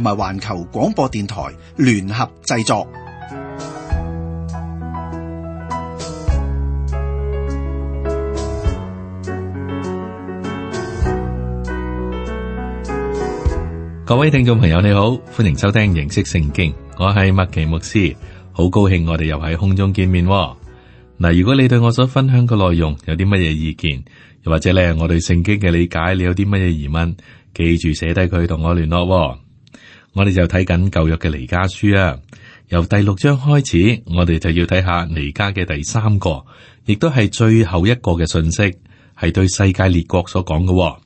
同埋環球廣播電台聯合製作。各位聽眾朋友，你好，歡迎收聽《認識聖經》。我係麥奇牧師，好高興我哋又喺空中見面。嗱，如果你對我所分享嘅內容有啲乜嘢意見，又或者咧我對聖經嘅理解，你有啲乜嘢疑問，記住寫低佢同我聯絡。我哋就睇緊舊約嘅彌迦書啊，由第六章開始，我哋就要睇下彌迦嘅第三個，亦都係最後一個嘅信息，係對世界列國所講嘅、哦。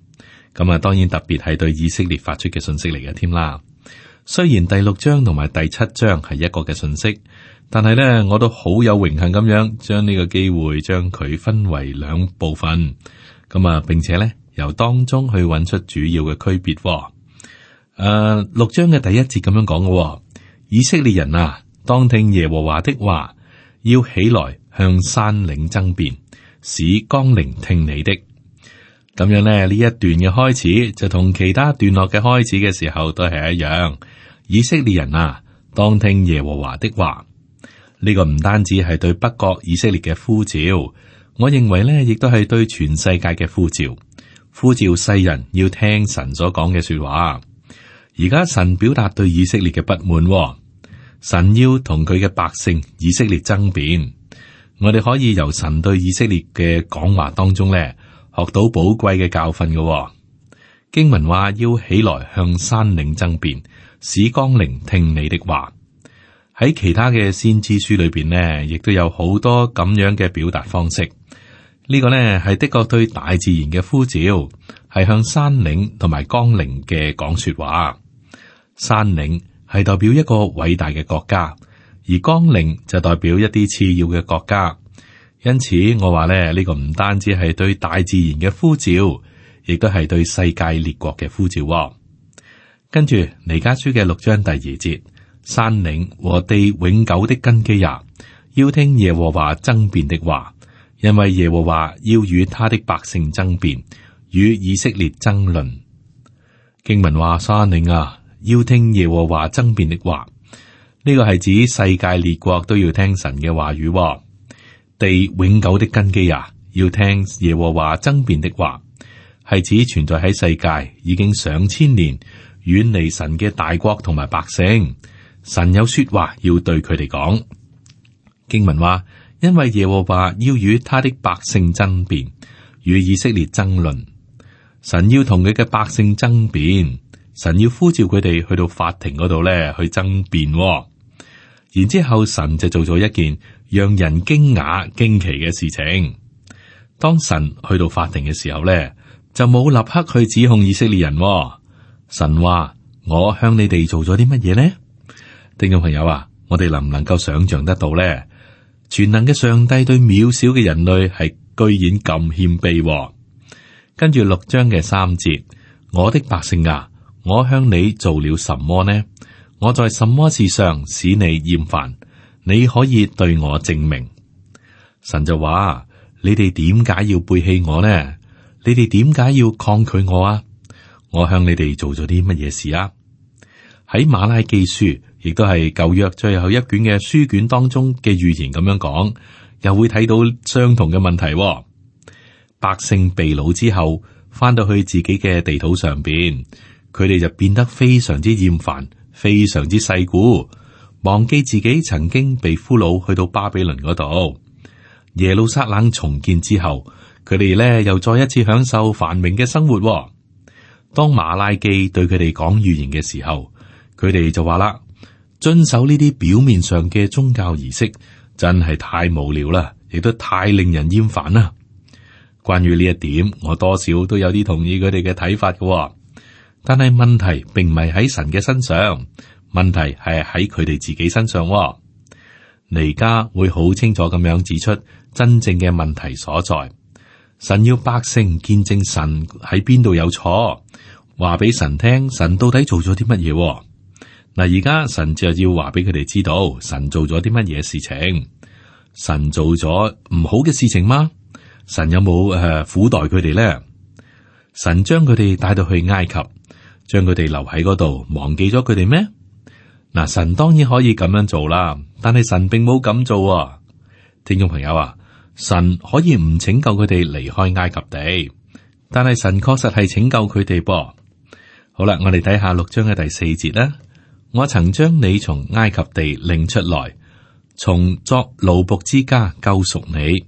咁、嗯、啊，當然特別係對以色列發出嘅信息嚟嘅添啦。雖然第六章同埋第七章係一個嘅信息，但係呢，我都好有榮幸咁樣將呢個機會將佢分為兩部分。咁、嗯、啊，並且呢，由當中去揾出主要嘅區別、哦。誒，uh, 六章嘅第一節咁樣講嘅、哦，以色列人啊，當聽耶和華的話，要起來向山嶺爭辯，使岡陵聽你的。咁樣呢，呢一段嘅開始就同其他段落嘅開始嘅時候都係一樣。以色列人啊，當聽耶和華的話呢、呢個唔單止係對北國以色列嘅呼召，我認為呢，亦都係對全世界嘅呼召，呼召世人要聽神所講嘅說話。而家神表達對以色列嘅不滿，哦，神要同佢嘅百姓以色列爭辯。我哋可以由神對以色列嘅講話當中咧，學到寶貴嘅教訓嘅，哦。經文話，要起來向山嶺爭辯，使岡陵聽你的話。喺其他嘅先知書裏邊呢，亦都有好多咁樣嘅表達方式。呢、這個呢，係的確對大自然嘅呼召，係向山嶺同埋岡陵嘅講說話。山嶺係代表一個偉大嘅國家，而岡陵就代表一啲次要嘅國家。因此我，我話咧呢個唔單止係對大自然嘅呼召，亦都係對世界列國嘅呼召。跟住彌迦書嘅六章第二節，山嶺和地永久的根基啊，要聽耶和華爭辯的話，因為耶和華要與他的百姓爭辯，與以色列爭論。經文話，山嶺啊。要聽耶和華爭辯的話，呢個係指世界列國都要聽神嘅話語喎，地永久的根基啊，要聽耶和華爭辯的話，係指存在喺世界已經上千年，遠離神嘅大國同埋百姓，神有說話要對佢哋講。經文話，因為耶和華要與他的百姓爭辯，與以色列爭論，神要同佢嘅百姓爭辯。神要呼召佢哋去到法庭嗰度咧去爭辯、哦，然之後神就做咗一件讓人驚訝、驚奇嘅事情。當神去到法庭嘅時候咧，就冇立刻去指控以色列人、哦。神話：我向你哋做咗啲乜嘢呢？聽眾朋友啊，我哋能唔能夠想象得到咧？全能嘅上帝對渺小嘅人類係居然咁謙卑、哦。跟住六章嘅三節，我的百姓啊！我向你做了什麼呢？我在什麼事上使你厭煩？你可以對我證明。神就話：你哋點解要背棄我呢？你哋點解要抗拒我啊？我向你哋做咗啲乜嘢事啊？喺瑪拉基書，亦都係舊約最後一卷嘅書卷當中嘅預言咁樣講，又會睇到相同嘅問題哦。百姓被擄之後，翻到去自己嘅地土上邊。佢哋就變得非常之厭煩，非常之世故，忘記自己曾經被俘虜去到巴比倫嗰度。耶路撒冷重建之後，佢哋咧又再一次享受繁榮嘅生活喎。當馬拉基對佢哋講預言嘅時候，佢哋就話啦：遵守呢啲表面上嘅宗教儀式，真係太無聊啦，亦都太令人厭煩啦。關於呢一點，我多少都有啲同意佢哋嘅睇法嘅喎。但係問題並唔係喺神嘅身上，問題係喺佢哋自己身上，哦。而家會好清楚咁樣指出真正嘅問題所在。神要百姓見證神喺邊度有錯，話俾神聽，神到底做咗啲乜嘢喎？嗱，而家神就要話俾佢哋知道，神做咗啲乜嘢事情？神做咗唔好嘅事情嗎？神有冇誒苦待佢哋咧？神將佢哋帶到去埃及，將佢哋留喺嗰度，忘記咗佢哋咩？嗱，神當然可以咁樣做啦，但係神並冇咁做啊！聽眾朋友啊，神可以唔拯救佢哋離開埃及地，但係神確實係拯救佢哋噃。好啦，我哋睇下六章嘅第四節啦。我曾將你從埃及地領出來，從作奴僕之家救贖你，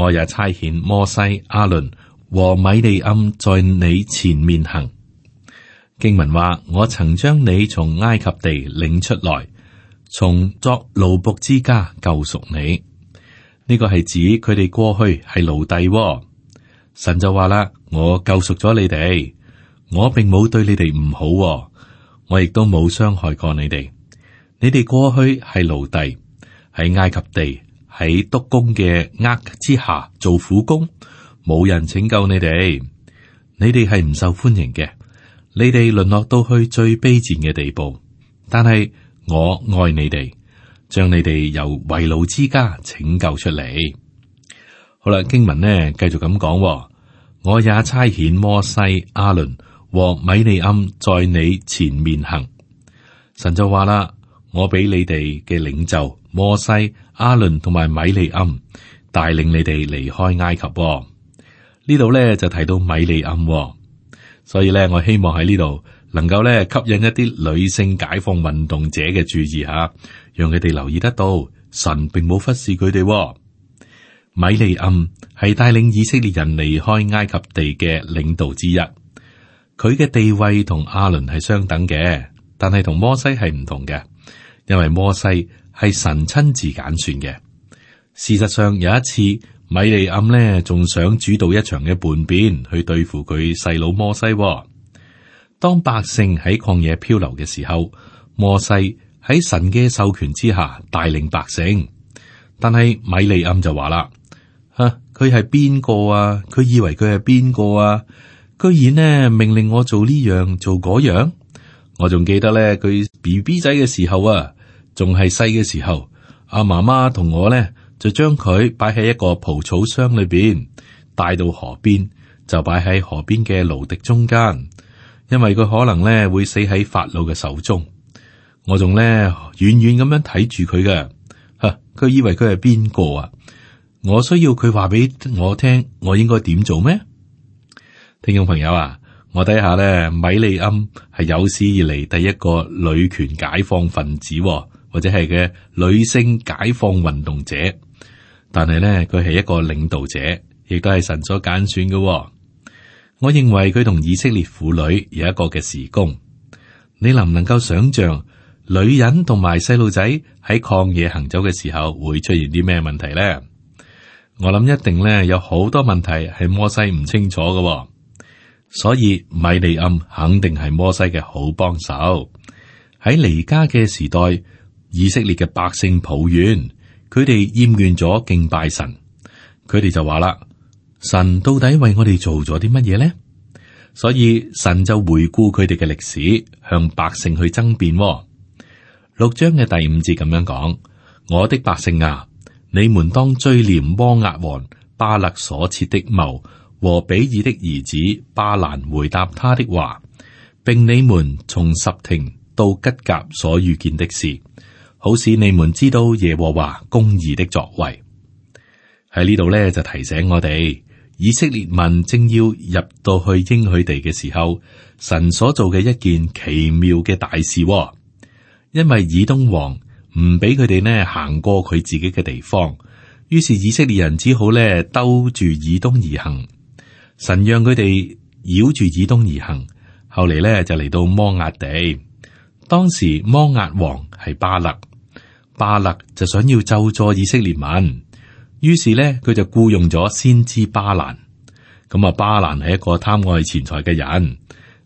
我也差遣摩西、阿倫和米利暗在你前面行。經文話：我曾將你從埃及地領出來，從作奴僕之家救贖你。呢、這個係指佢哋過去係奴隸、哦。神就話啦：我救贖咗你哋，我並冇對你哋唔好、哦，我亦都冇傷害過你哋。你哋過去係奴隸，喺埃及地，喺督工嘅軛之下做苦工，冇人拯救你哋，你哋係唔受歡迎嘅。你哋淪落到去最卑賤嘅地步，但係我愛你哋，將你哋由為奴之家拯救出嚟。好啦，經文呢繼續咁講、哦，我也差遣摩西、阿倫和米利暗在你前面行。神就話啦，我俾你哋嘅領袖摩西、阿倫同埋米利暗，帶領你哋離開埃及、哦。呢度呢就提到米利暗、哦。所以咧，我希望喺呢度能夠咧吸引一啲女性解放運動者嘅注意吓，讓佢哋留意得到神並冇忽視佢哋。米利暗係帶領以色列人離開埃及地嘅領導之一，佢嘅地位同阿倫係相等嘅，但係同摩西係唔同嘅，因為摩西係神親自揀選嘅。事實上，有一次。米利暗呢，仲想主導一場嘅叛變去對付佢細佬摩西喎。當百姓喺曠野漂流嘅時候，摩西喺神嘅授權之下帶領百姓。但係米利暗就話啦：吓，佢係邊個啊？佢、啊、以為佢係邊個啊？居然呢命令我做呢樣做嗰樣。我仲記得咧，佢 BB 仔嘅時候啊，仲係細嘅時候，阿媽媽同我咧。就將佢擺喺一個蒲草箱裏邊，帶到河邊，就擺喺河邊嘅蘆荻中間，因為佢可能咧會死喺法老嘅手中。我仲咧遠遠咁樣睇住佢嘅，吓，佢以為佢係邊個啊？我需要佢話俾我聽，我應該點做咩？聽眾朋友啊，我睇下咧米利暗係有史以嚟，第一個女權解放分子，或者係嘅女性解放運動者。但係咧，佢係一個領導者，亦都係神所揀選嘅、哦。我認為佢同以色列婦女有一個嘅時工。你能唔能夠想象女人同埋細路仔喺曠野行走嘅時候會出現啲咩問題咧？我諗一定咧有好多問題係摩西唔清楚嘅、哦，所以米利暗肯定係摩西嘅好幫手。喺彌迦嘅時代，以色列嘅百姓抱怨。佢哋厭倦咗敬拜神，佢哋就話啦：「神到底為我哋做咗啲乜嘢呢？」所以神就回顧佢哋嘅歷史，向百姓去爭辯，哦。六章嘅第五節咁樣講：我的百姓啊，你們當追念摩押王巴勒所設的謀和比爾的兒子巴蘭回答他的話，並你們從十亭到吉甲所遇見的事。好使你們知道耶和華公義的作為，喺呢度咧就提醒我哋，以色列民正要入到去應許地嘅時候，神所做嘅一件奇妙嘅大事，哦。因為以東王唔俾佢哋呢行過佢自己嘅地方，於是以色列人只好呢兜住以東而行。神讓佢哋繞住以東而行，後嚟咧就嚟到摩押地。當時摩押王係巴勒。巴勒就想要咒詛以色列民，於是咧佢就僱用咗先知巴蘭。咁啊，巴蘭係一個貪愛錢財嘅人，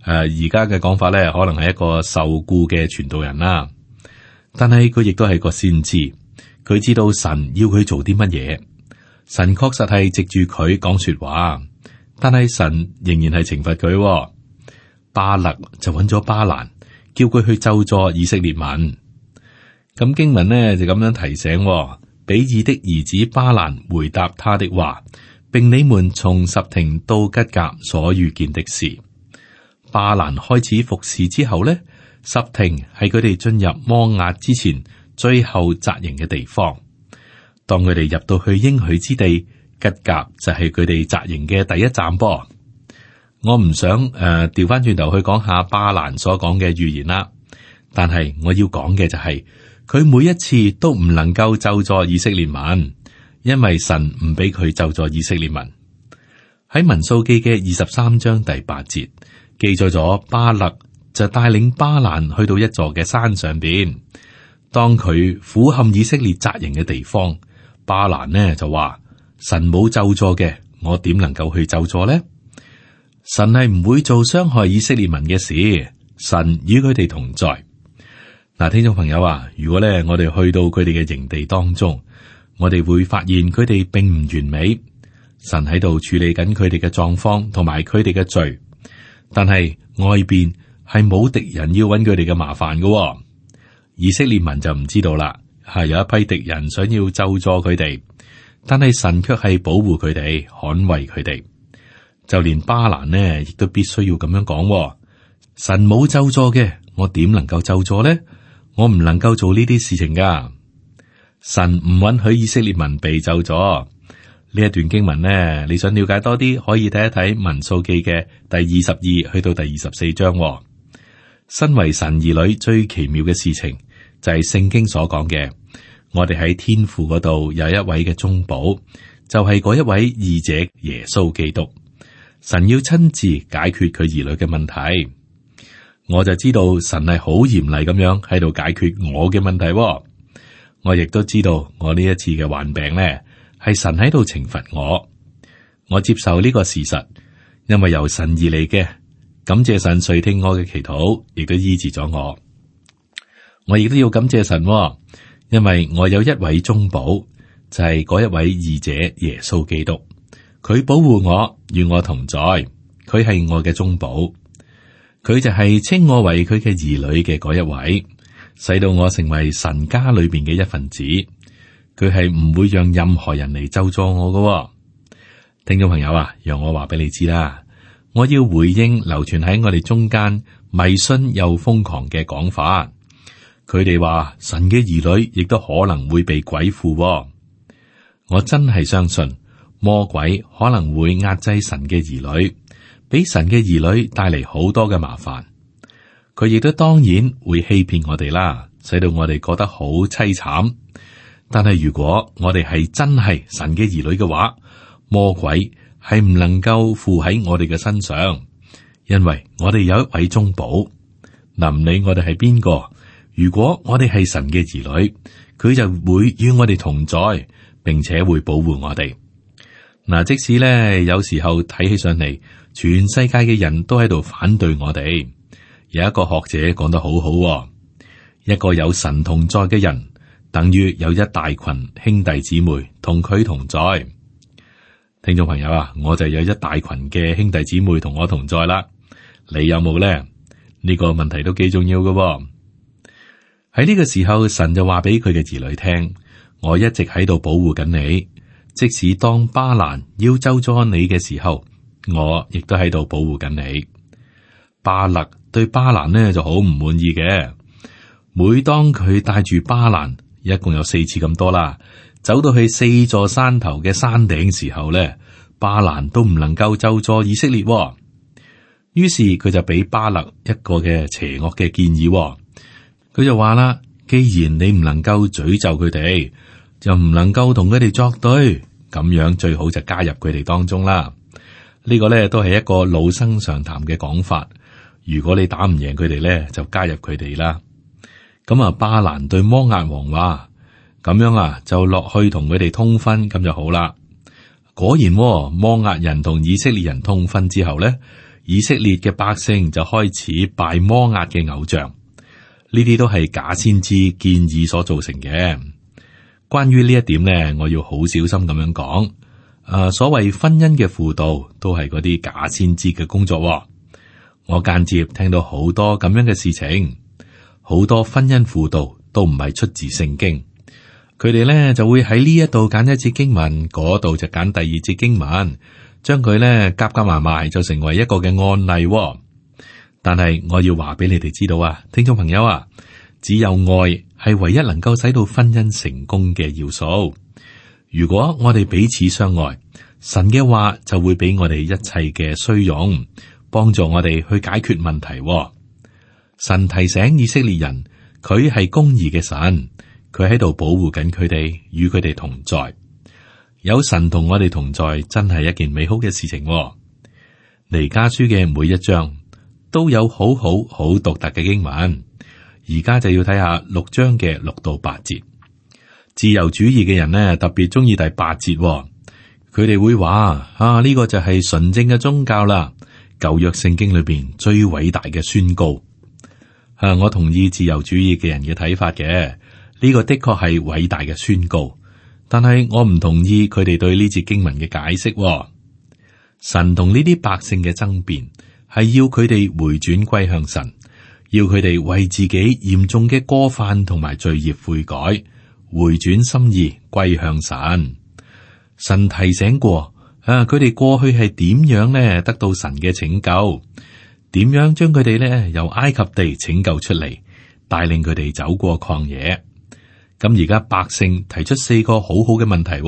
誒，而家嘅講法咧可能係一個受僱嘅傳道人啦。但係佢亦都係個先知，佢知道神要佢做啲乜嘢。神確實係藉住佢講說話，但係神仍然係懲罰佢。巴勒就搵咗巴蘭，叫佢去咒詛以色列民。咁經文呢就咁樣提醒、哦，比爾的兒子巴蘭回答他的話，並你們從十亭到吉甲所遇見的事。巴蘭開始服侍之後呢，十亭係佢哋進入摩押之前最後紮營嘅地方。當佢哋入到去應許之地，吉甲就係佢哋紮營嘅第一站。噃。我唔想誒調返轉頭去講下巴蘭所講嘅預言啦，但係我要講嘅就係、是。佢每一次都唔能夠咒助以色列民，因為神唔俾佢咒助以色列民。喺民數記嘅二十三章第八節記載咗，巴勒就帶領巴蘭去到一座嘅山上邊，當佢俯瞰以色列紮營嘅地方，巴蘭呢就話：神冇咒助嘅，我點能夠去咒助呢？神係唔會做傷害以色列民嘅事，神與佢哋同在。嗱，聽眾朋友啊，如果咧我哋去到佢哋嘅營地當中，我哋會發現佢哋並唔完美。神喺度處理緊佢哋嘅狀況同埋佢哋嘅罪，但係外邊係冇敵人要揾佢哋嘅麻煩嘅、哦。以色列民就唔知道啦，係有一批敵人想要咒助佢哋，但係神卻係保護佢哋、捍衛佢哋。就連巴蘭呢，亦都必須要咁樣講、哦，神冇咒助嘅，我點能夠咒助呢？我唔能夠做呢啲事情㗎，神唔允許以色列民被咒咗。呢一段經文呢，你想了解多啲，可以睇一睇民數記嘅第二十二去到第二十四章、哦。身為神兒女最奇妙嘅事情，就係、是、聖經所講嘅，我哋喺天父嗰度有一位嘅中保，就係、是、嗰一位義者耶穌基督。神要親自解決佢兒女嘅問題。我就知道神係好嚴厲咁樣喺度解決我嘅問題，哦，我亦都知道我呢一次嘅患病，咧係神喺度懲罰我，我接受呢個事實，因為由神而嚟嘅，感謝神垂聽我嘅祈禱，亦都醫治咗我，我亦都要感謝神，哦，因為我有一位中保，就係、是、嗰一位義者耶穌基督，佢保護我，與我同在，佢係我嘅中保。佢就係稱我為佢嘅兒女嘅嗰一位，使到我成為神家裏邊嘅一份子。佢係唔會讓任何人嚟咒詛我㗎。聽眾朋友啊，讓我話俾你知啦，我要回應流傳喺我哋中間迷信又瘋狂嘅講法。佢哋話神嘅兒女亦都可能會被鬼附。我真係相信魔鬼可能會壓制神嘅兒女。俾神嘅兒女帶嚟好多嘅麻煩，佢亦都當然會欺騙我哋啦，使到我哋覺得好淒慘。但係如果我哋係真係神嘅兒女嘅話，魔鬼係唔能夠附喺我哋嘅身上，因為我哋有一位中保，唔理我哋係邊個，如果我哋係神嘅兒女，佢就會與我哋同在，並且會保護我哋。嗱，即使咧，有時候睇起上嚟，全世界嘅人都喺度反對我哋。有一個學者講得好好哦，一個有神同在嘅人，等於有一大群兄弟姊妹同佢同在。聽眾朋友啊，我就有一大群嘅兄弟姊妹同我同在啦。你有冇咧？呢個問題都幾重要嘅哦，喺呢個時候，神就話俾佢嘅子女聽：我一直喺度保護緊你。即使當巴蘭要咒詛你嘅時候，我亦都喺度保護緊你。巴勒對巴蘭呢就好唔滿意嘅。每當佢帶住巴蘭，一共有四次咁多啦，走到去四座山頭嘅山頂時候呢，巴蘭都唔能夠咒詛以色列、哦。於是佢就俾巴勒一個嘅邪惡嘅建議、哦，佢就話啦：既然你唔能夠詛咒佢哋。又唔能夠同佢哋作對，咁樣最好就加入佢哋當中啦。這個、呢個咧都係一個老生常談嘅講法。如果你打唔贏佢哋咧，就加入佢哋啦。咁啊，巴蘭對摩押王話：咁樣啊就落去同佢哋通婚，咁就好啦。果然、啊，摩押人同以色列人通婚之後咧，以色列嘅百姓就開始拜摩押嘅偶像。呢啲都係假先知建議所造成嘅。關於呢一點呢，我要好小心咁樣講。誒、啊，所謂婚姻嘅輔導，都係嗰啲假先知嘅工作、哦。我間接聽到好多咁樣嘅事情，好多婚姻輔導都唔係出自聖經。佢哋呢就會喺呢一度揀一節經文，嗰度就揀第二節經文，將佢呢夾夾埋埋就成為一個嘅案例、哦。但係我要話俾你哋知道啊，聽眾朋友啊！只有愛係唯一能夠使到婚姻成功嘅要素。如果我哋彼此相愛，神嘅話就會俾我哋一切嘅需用，幫助我哋去解決問題、哦。神提醒以色列人，佢係公義嘅神，佢喺度保護緊佢哋，與佢哋同在。有神同我哋同在，真係一件美好嘅事情、哦。彌迦書嘅每一章都有好好好獨特嘅經文。而家就要睇下六章嘅六到八節，自由主義嘅人咧特別中意第八節哦，佢哋會話啊，呢個就係純正嘅宗教啦，舊約聖經裏邊最偉大嘅宣告。啊，我同意自由主義嘅人嘅睇法嘅，呢個的確係偉大嘅宣告。但係我唔同意佢哋對呢節經文嘅解釋哦。神同呢啲百姓嘅爭辯係要佢哋回轉歸向神。要佢哋為自己嚴重嘅過犯同埋罪業悔改，回轉心意歸向神。神提醒過啊，佢哋過去係點樣呢得到神嘅拯救？點樣將佢哋呢由埃及地拯救出嚟，帶領佢哋走過曠野？咁而家百姓提出四個好好嘅問題，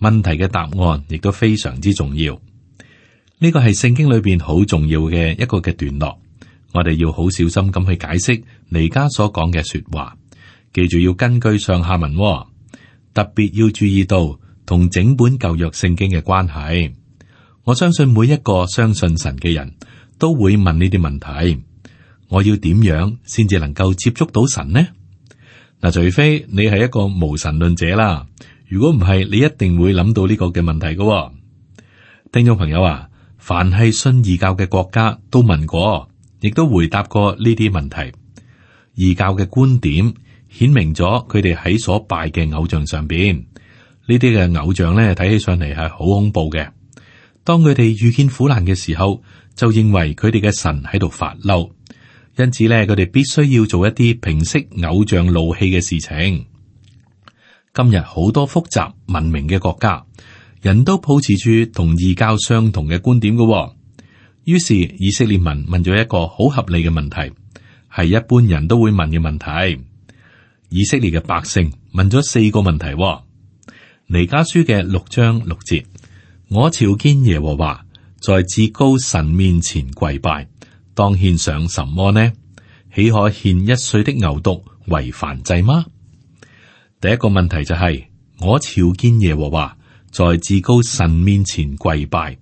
問題嘅答案亦都非常之重要。呢個係聖經裏面好重要嘅一個嘅段落。我哋要好小心咁去解釋彌迦所講嘅說話，記住要根據上下文、哦，特別要注意到同整本舊約聖經嘅關係。我相信每一個相信神嘅人都會問呢啲問題：我要點樣先至能夠接觸到神呢？嗱，除非你係一個無神論者啦。如果唔係，你一定會諗到呢個嘅問題、哦。噶聽眾朋友啊，凡係信異教嘅國家都問過。亦都回答過呢啲問題，異教嘅觀點顯明咗佢哋喺所拜嘅偶像上邊，呢啲嘅偶像咧，睇起上嚟係好恐怖嘅。當佢哋遇見苦難嘅時候，就認為佢哋嘅神喺度發嬲，因此咧，佢哋必須要做一啲平息偶像怒氣嘅事情。今日好多複雜文明嘅國家，人都抱持住同異教相同嘅觀點噶。於是以色列民問咗一個好合理嘅問題，係一般人都會問嘅問題。以色列嘅百姓問咗四個問題、哦。彌迦書嘅六章六節，我朝見耶和華，在至高神面前跪拜，當獻上什麼呢？豈可獻一歲的牛犢為燔祭嗎？第一個問題就係、是、我朝見耶和華，在至高神面前跪拜，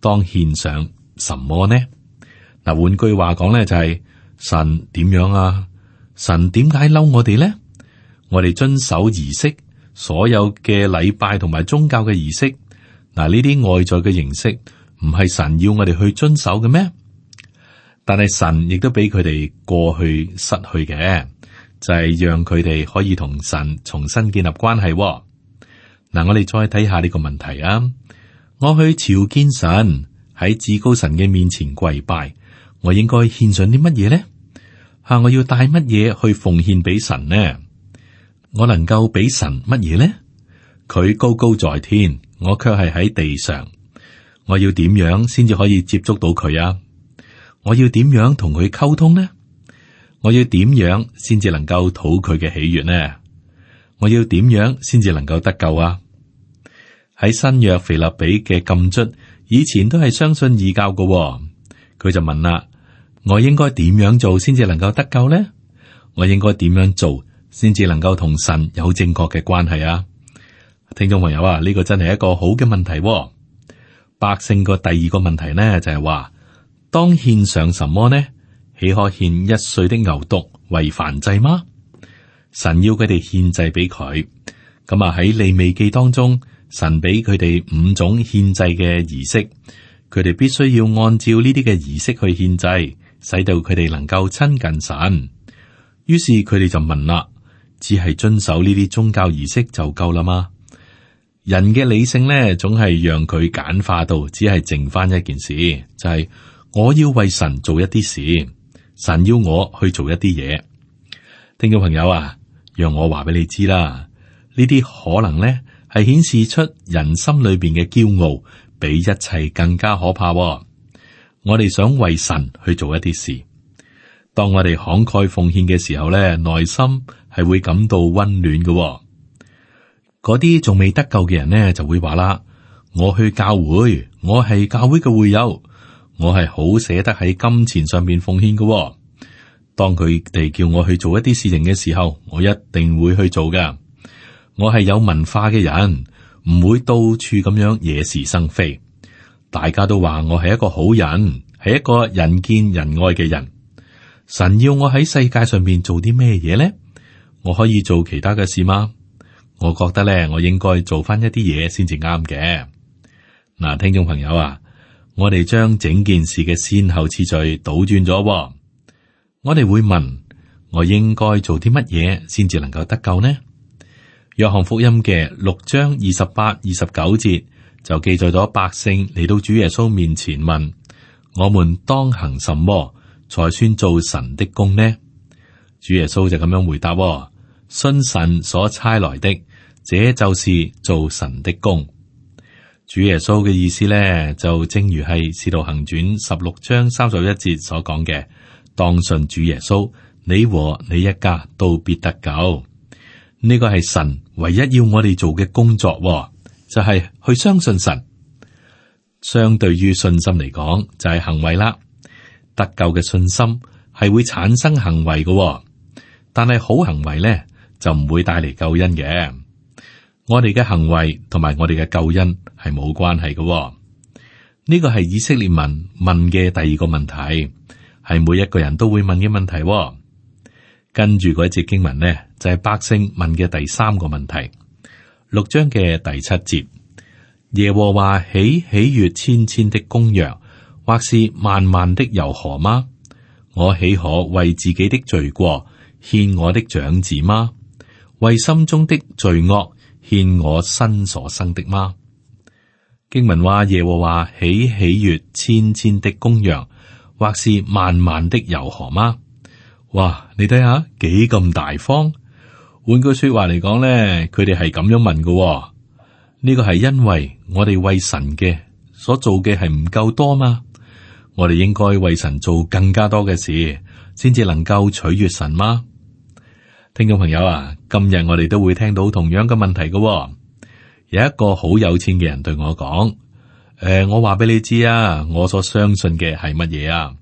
當獻上。什麼呢？嗱，換句話講咧，就是，就係神點樣啊？神點解嬲我哋呢？我哋遵守儀式，所有嘅禮拜同埋宗教嘅儀式，嗱呢啲外在嘅形式，唔係神要我哋去遵守嘅咩？但係神亦都俾佢哋過去失去嘅，就係、是、讓佢哋可以同神重新建立關係、哦。嗱，我哋再睇下呢個問題啊。我去朝見神。喺至高神嘅面前跪拜，我應該獻上啲乜嘢呢？啊，我要帶乜嘢去奉獻俾神呢？我能夠俾神乜嘢呢？佢高高在天，我卻係喺地上。我要點樣先至可以接觸到佢啊？我要點樣同佢溝通呢？我要點樣先至能夠討佢嘅喜悅呢？我要點樣先至能夠得救啊？喺新約腓立比嘅禁卒，以前都係相信異教噶、哦，佢就問啦：我應該點樣做先至能夠得救呢？我應該點樣做先至能夠同神有正確嘅關係啊？聽眾朋友啊，呢、這個真係一個好嘅問題、哦。百姓個第二個問題呢，就係、是、話：當獻上什麼呢？豈可獻一歲的牛犢為燔祭嗎？神要佢哋獻祭俾佢，咁啊喺利未記當中。神俾佢哋五種獻祭嘅儀式，佢哋必須要按照呢啲嘅儀式去獻祭，使到佢哋能夠親近神。於是佢哋就問啦，只係遵守呢啲宗教儀式就夠啦嘛？人嘅理性呢，總係讓佢簡化到只係剩翻一件事，就係、是、我要為神做一啲事，神要我去做一啲嘢。聽眾朋友啊，讓我話俾你知啦，呢啲可能呢。係顯示出人心裏邊嘅驕傲，比一切更加可怕喎。我哋想為神去做一啲事，當我哋慷慨奉獻嘅時候咧，內心係會感到溫暖嘅喎。嗰啲仲未得救嘅人咧，就會話啦：「我去教會，我係教會嘅會友，我係好捨得喺金錢上面奉獻嘅喎」。當佢哋叫我去做一啲事情嘅時候，我一定會去做噶。我係有文化嘅人，唔會到處咁樣惹是生非。大家都話我係一個好人，係一個人見人愛嘅人。神要我喺世界上面做啲咩嘢呢？我可以做其他嘅事嗎？我覺得咧，我應該做翻一啲嘢先至啱嘅。嗱、啊，聽眾朋友啊，我哋將整件事嘅先後次序倒轉咗、哦，我哋會問：我應該做啲乜嘢先至能夠得救呢？約翰福音嘅六章二十八、二十九節就記載咗百姓嚟到主耶穌面前問：我們當行什麼才算做神的工呢？主耶穌就咁樣回答：信神所差來的，這就是做神的工。主耶穌嘅意思咧，就正如係《使徒行傳》十六章三十一節所講嘅：當信主耶穌，你和你一家都必得救。呢、這個係神，唯一要我哋做嘅工作，就係去相信神。相對於信心嚟講，就係行為啦。得救嘅信心係會產生行為嘅，但係好行為咧就唔會帶嚟救恩嘅。我哋嘅行為同埋我哋嘅救恩係冇關係嘅。呢個係以色列民問嘅第二個問題，係每一個人都會問嘅問題。跟住嗰節經文呢，就係、是、百姓問嘅第三個問題，六章嘅第七節，耶和華喜喜悅千千的公羊，或是萬萬的油河嗎？我豈可為自己的罪過獻我的長子嗎？為心中的罪惡獻我身所生的嗎？經文話耶和華喜喜悅千千的公羊，或是萬萬的油河嗎？哇！你睇下幾咁大方，換句話說話嚟講咧，佢哋係咁樣問嘅、哦。呢個係因為我哋為神嘅所做嘅係唔夠多嘛？我哋應該為神做更加多嘅事，先至能夠取悅神嗎？聽眾朋友啊，今日我哋都會聽到同樣嘅問題嘅、哦。有一個好有錢嘅人對我講：，誒、呃，我話俾你知啊，我所相信嘅係乜嘢啊？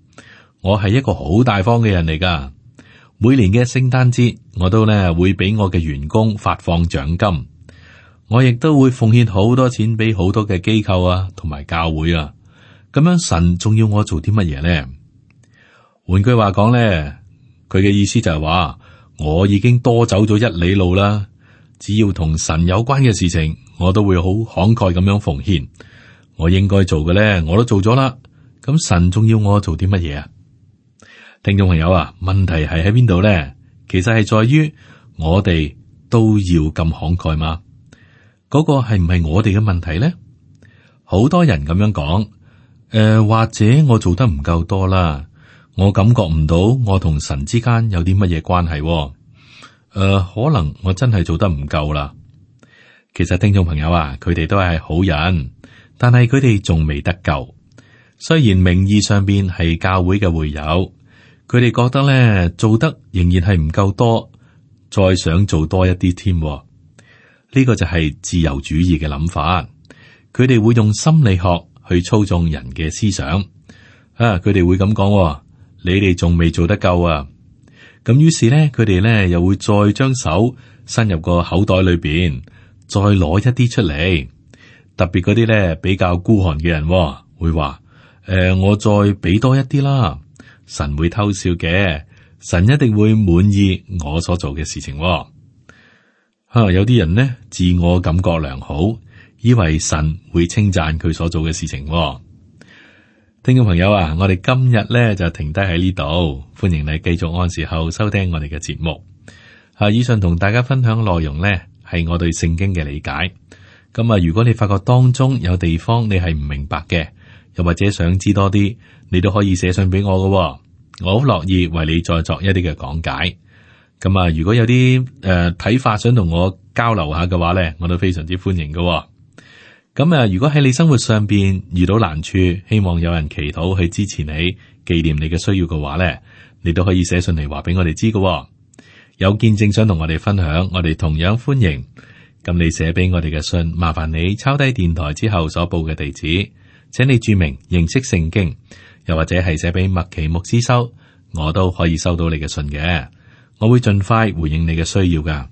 我係一個好大方嘅人嚟噶。每年嘅聖誕節，我都咧會俾我嘅員工發放獎金，我亦都會奉獻好多錢俾好多嘅機構啊，同埋教會啊。咁樣神仲要我做啲乜嘢呢？換句話講咧，佢嘅意思就係話我已經多走咗一里路啦，只要同神有關嘅事情，我都會好慷慨咁樣奉獻。我應該做嘅咧，我都做咗啦。咁神仲要我做啲乜嘢啊？聽眾朋友啊，問題係喺邊度咧？其實係在於我哋都要咁慷慨嗎？嗰個係唔係我哋嘅問題咧？好多人咁樣講，誒，或者我做得唔夠多啦，我感覺唔到我同神之間有啲乜嘢關係啊。誒，可能我真係做得唔夠啦。其實聽眾朋友啊，佢哋都係好人，但係佢哋仲未得救。雖然名義上面係教會嘅會友。佢哋覺得咧，做得仍然係唔夠多，再想做多一啲添。呢、這個就係自由主義嘅諗法。佢哋會用心理學去操縱人嘅思想。啊，佢哋會咁講，哦，你哋仲未做得夠啊。咁於是咧，佢哋咧又會再將手伸入個口袋裏邊，再攞一啲出嚟。特別嗰啲咧比較孤寒嘅人，哦，會話：誒、呃，我再俾多一啲啦。神會偷笑嘅，神一定會滿意我所做嘅事情喎。啊，有啲人呢，自我感覺良好，以為神會稱讚佢所做嘅事情喎。聽眾朋友啊，我哋今日呢就停低喺呢度，歡迎你繼續按時候收聽我哋嘅節目。啊，以上同大家分享內容呢，係我對聖經嘅理解。咁、嗯、啊，如果你發覺當中有地方你係唔明白嘅，又或者想知多啲。你都可以寫信俾我噶喎，我好樂意為你再作一啲嘅講解。咁啊，如果有啲誒睇法想同我交流下嘅話呢，我都非常之歡迎噶。咁啊，如果喺你生活上邊遇到難處，希望有人祈禱去支持你、紀念你嘅需要嘅話呢，你都可以寫信嚟話俾我哋知噶。有見證想同我哋分享，我哋同樣歡迎。咁你寫俾我哋嘅信，麻煩你抄低電台之後所報嘅地址，請你注明認識聖經。又或者係寫俾麥其牧師收，我都可以收到你嘅信嘅，我會盡快回應你嘅需要噶。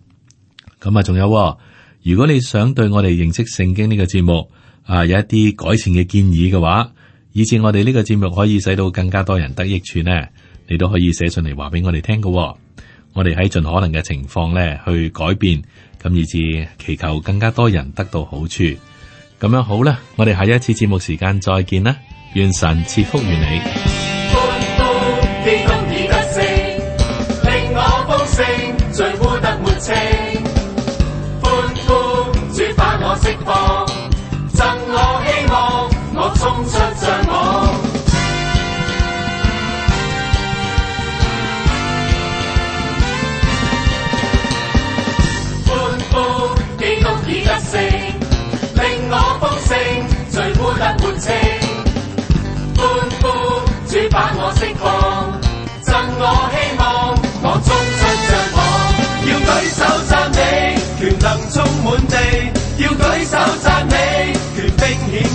咁啊，仲有，如果你想對我哋認識聖經呢個節目啊有一啲改善嘅建議嘅話，以至我哋呢個節目可以使到更加多人得益處呢，你都可以寫信嚟話俾我哋聽噶。我哋喺盡可能嘅情況咧去改變，咁以至祈求更加多人得到好處。咁樣好啦，我哋下一次節目時間再見啦。願神賜福於你。